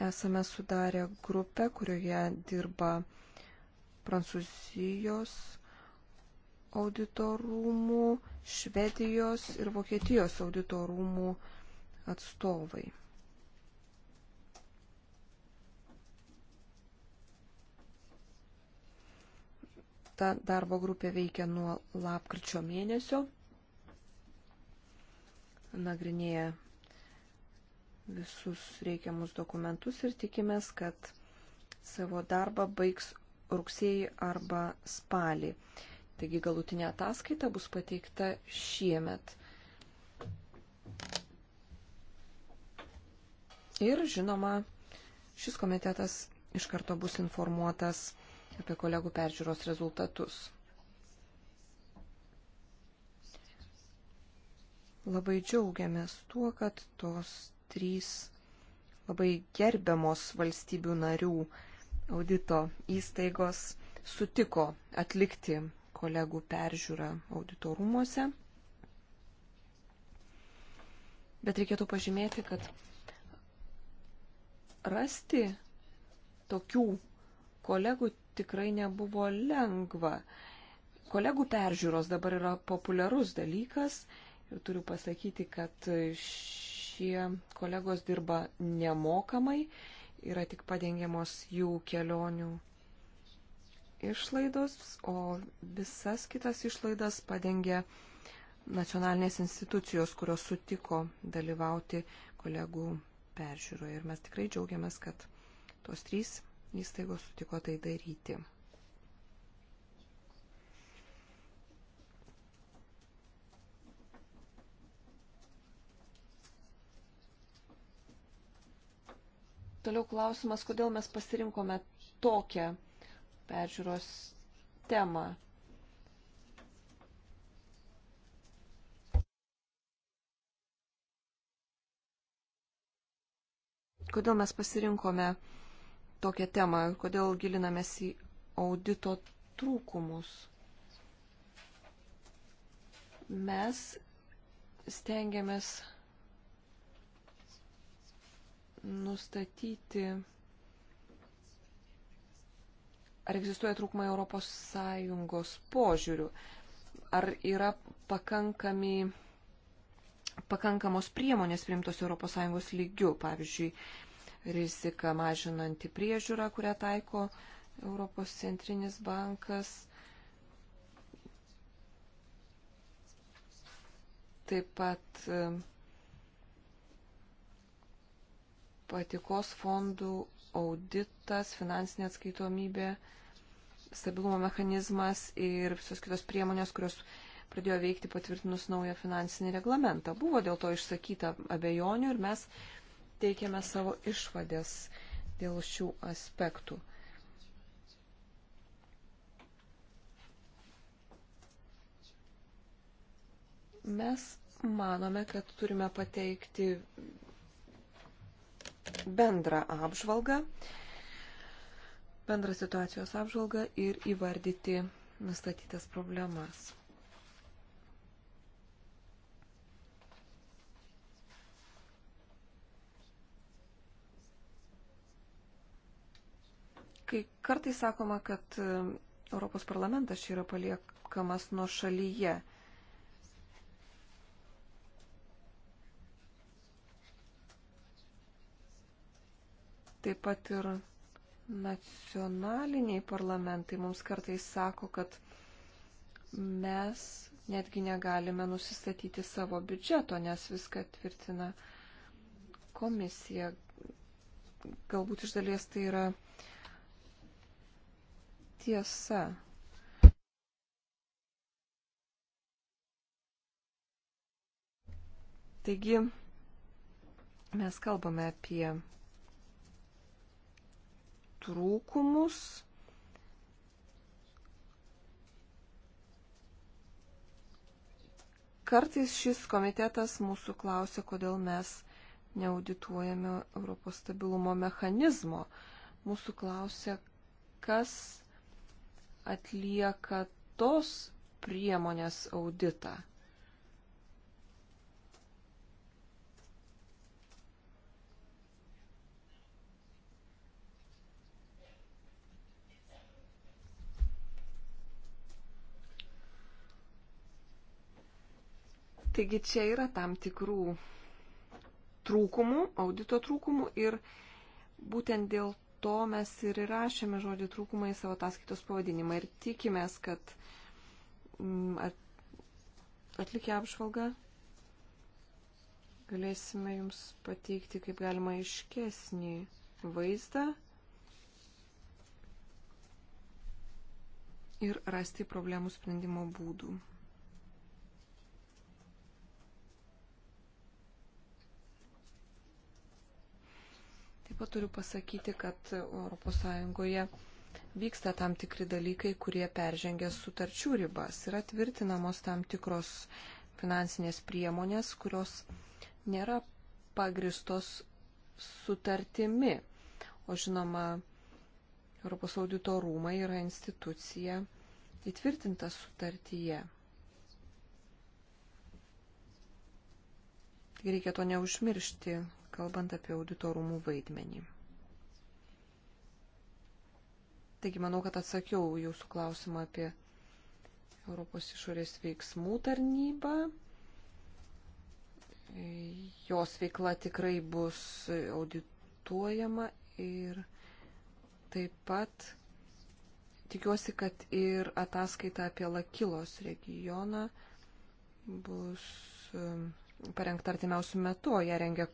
esame sudarę grupę, kurioje dirba Prancūzijos auditorumų, Švedijos ir Vokietijos auditorumų atstovai. Ta darbo grupė veikia nuo lapkričio mėnesio, nagrinėja visus reikiamus dokumentus ir tikimės, kad savo darbą baigs rugsėjį arba spalį. Taigi galutinė ataskaita bus pateikta šiemet. Ir žinoma, šis komitetas iš karto bus informuotas apie kolegų peržiūros rezultatus. Labai džiaugiamės tuo, kad tos trys labai gerbiamos valstybių narių audito įstaigos sutiko atlikti kolegų peržiūrą auditorumuose. Bet reikėtų pažymėti, kad rasti tokių kolegų tikrai nebuvo lengva. Kolegų peržiūros dabar yra populiarus dalykas ir turiu pasakyti, kad šie kolegos dirba nemokamai, yra tik padengiamos jų kelionių išlaidos, o visas kitas išlaidas padengia nacionalinės institucijos, kurios sutiko dalyvauti kolegų peržiūroje. Ir mes tikrai džiaugiamės, kad tos trys įstaigos sutiko tai daryti. Toliau klausimas, kodėl mes pasirinkome tokią peržiūros temą. Kodėl mes pasirinkome tokią temą, kodėl gilinamės į audito trūkumus. Mes stengiamės nustatyti, ar egzistuoja trūkumai Europos Sąjungos požiūrių, ar yra pakankami pakankamos priemonės priimtos ES lygių, pavyzdžiui, rizika mažinanti priežiūrą, kurią taiko Europos centrinis bankas. Taip pat patikos fondų auditas, finansinė atskaitomybė, stabilumo mechanizmas ir visos kitos priemonės, kurios pradėjo veikti patvirtinus naują finansinį reglamentą. Buvo dėl to išsakyta abejonių ir mes teikėme savo išvadės dėl šių aspektų. Mes manome, kad turime pateikti bendrą apžvalgą, bendrą situacijos apžvalgą ir įvardyti nustatytas problemas. Kai kartai sakoma, kad Europos parlamentas čia yra paliekamas nuo šalyje, Taip pat ir nacionaliniai parlamentai mums kartais sako, kad mes netgi negalime nusistatyti savo biudžeto, nes viską tvirtina komisija. Galbūt iš dalies tai yra tiesa. Taigi mes kalbame apie trūkumus. Kartais šis komitetas mūsų klausia, kodėl mes neaudituojame Europos stabilumo mechanizmo. Mūsų klausia, kas atlieka tos priemonės auditą. Taigi čia yra tam tikrų trūkumų, audito trūkumų ir būtent dėl to mes ir įrašėme žodį trūkumai savo ataskaitos pavadinimą ir tikimės, kad mm, atlikę apžvalgą galėsime jums pateikti kaip galima iškesnį vaizdą ir rasti problemų sprendimo būdų. Taip pat turiu pasakyti, kad ES vyksta tam tikri dalykai, kurie peržengia sutarčių ribas. Yra tvirtinamos tam tikros finansinės priemonės, kurios nėra pagristos sutartimi. O žinoma, Europos audito rūmai yra institucija įtvirtinta sutartyje. Reikia to neužmiršti, kalbant apie auditorumų vaidmenį. Taigi manau, kad atsakiau jūsų klausimą apie Europos išorės veiksmų tarnybą. Jos veikla tikrai bus audituojama ir taip pat tikiuosi, kad ir ataskaita apie Lakilos regioną bus um, parengta artimiausių metų, o ją rengia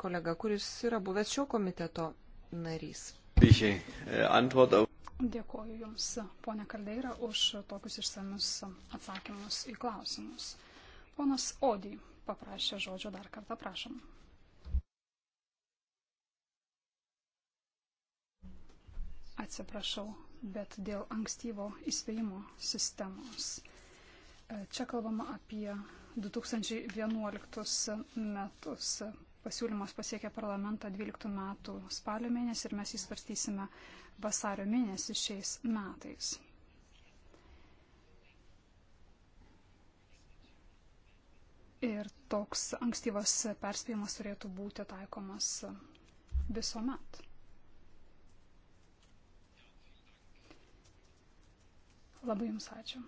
kolega, kuris yra buvęs šio komiteto narys. E, Dėkoju Jums, ponė Kaldeira, už tokius išsamius atsakymus į klausimus. Ponas Odį paprašė žodžio dar kartą, prašom. Atsiprašau, bet dėl ankstyvo įspėjimo sistemos. E, čia kalbama apie 2011 metus. Pasiūlymas pasiekė parlamentą 12 metų spalio mėnesį ir mes jį svarstysime vasario mėnesį šiais metais. Ir toks ankstyvas perspėjimas turėtų būti taikomas visuomet. Labai Jums ačiū.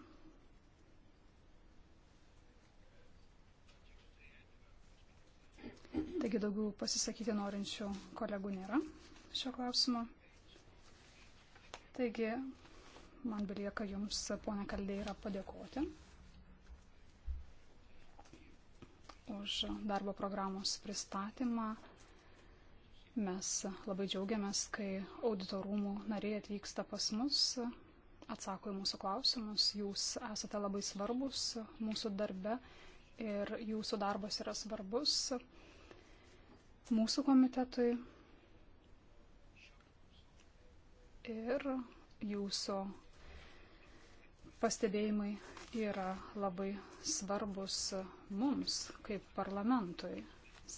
Taigi daugiau pasisakyti norinčių kolegų nėra šio klausimo. Taigi man belieka Jums, ponė Kaldeira, padėkoti už darbo programos pristatymą. Mes labai džiaugiamės, kai auditorumų nariai atvyksta pas mus, atsako į mūsų klausimus. Jūs esate labai svarbus mūsų darbe ir jūsų darbas yra svarbus mūsų komitetui ir jūsų pastebėjimai yra labai svarbus mums kaip parlamentui,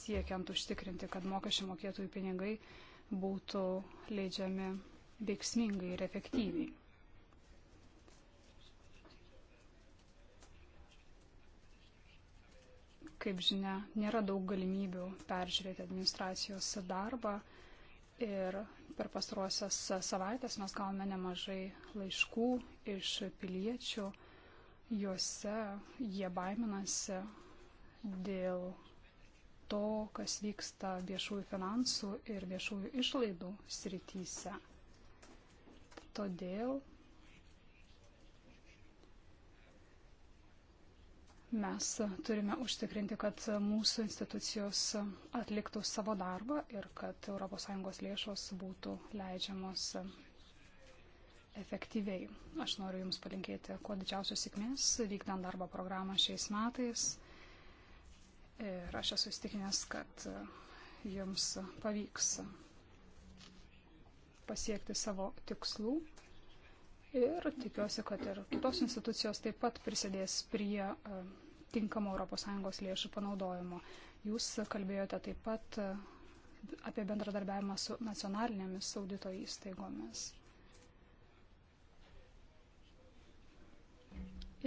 siekiant užtikrinti, kad mokesčių mokėtojų pinigai būtų leidžiami veiksmingai ir efektyviai. kaip žinia, nėra daug galimybių peržiūrėti administracijos darbą. Ir per pastaruosias savaitės mes gavome nemažai laiškų iš piliečių. Juose jie baiminasi dėl to, kas vyksta viešųjų finansų ir viešųjų išlaidų srityse. Todėl Mes turime užtikrinti, kad mūsų institucijos atliktų savo darbą ir kad ES lėšos būtų leidžiamos efektyviai. Aš noriu Jums palinkėti kuo didžiausios sėkmės vykdant darbo programą šiais metais. Ir aš esu įstikinęs, kad Jums pavyks pasiekti savo tikslų. Ir tikiuosi, kad ir kitos institucijos taip pat prisidės prie tinkamo ES lėšų panaudojimo. Jūs kalbėjote taip pat e, apie bendradarbiavimą su nacionalinėmis audito įstaigomis.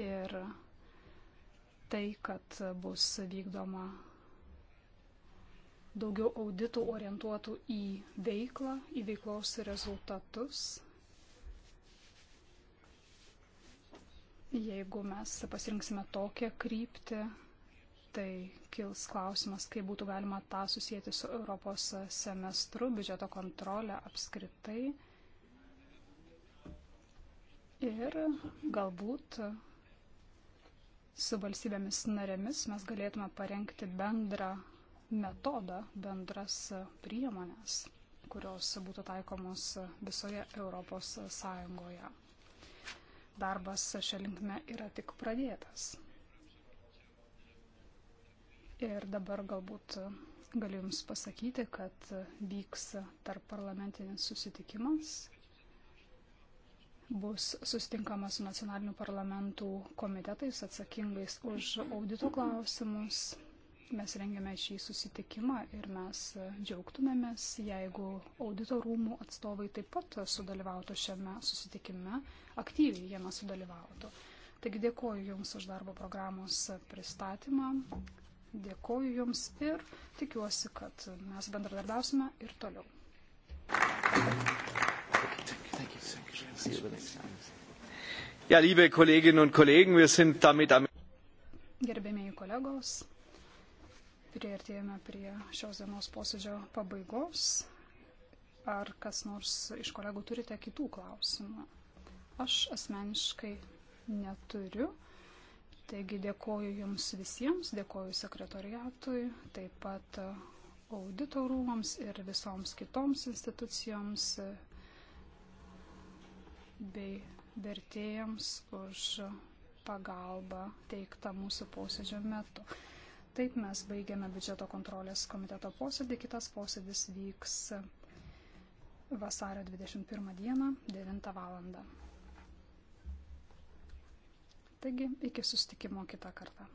Ir tai, kad bus vykdoma daugiau auditų orientuotų į veiklą, į veiklos rezultatus Jeigu mes pasirinksime tokią kryptį, tai kils klausimas, kaip būtų galima tą susijęti su Europos semestru, biudžeto kontrolę apskritai. Ir galbūt su valstybėmis narėmis mes galėtume parengti bendrą metodą, bendras priemonės, kurios būtų taikomos visoje Europos Sąjungoje darbas šią linkme yra tik pradėtas. Ir dabar galbūt galiu Jums pasakyti, kad vyks tarp parlamentinis susitikimas. Bus sustinkama su nacionalinių parlamentų komitetais atsakingais už audito klausimus Mes rengiame šį susitikimą ir mes džiaugtumėmės, jeigu audito rūmų atstovai taip pat sudalyvautų šiame susitikime, aktyviai jame sudalyvautų. Taigi dėkoju Jums už darbo programos pristatymą, dėkoju Jums ir tikiuosi, kad mes bendradarbiausime ir toliau. Ja, liebe Kolleginnen und Kollegen, wir sind damit am Gerbėmėjai kolegos, Prieartėjame prie šios dienos posėdžio pabaigos. Ar kas nors iš kolegų turite kitų klausimų? Aš asmeniškai neturiu. Taigi dėkoju Jums visiems, dėkoju sekretoriatui, taip pat audito rūmams ir visoms kitoms institucijoms bei vertėjams už pagalbą teiktą mūsų posėdžio metu. Taip mes baigiame biudžeto kontrolės komiteto posėdį. Kitas posėdis vyks vasario 21 dieną 9 val. Taigi, iki sustikimo kitą kartą.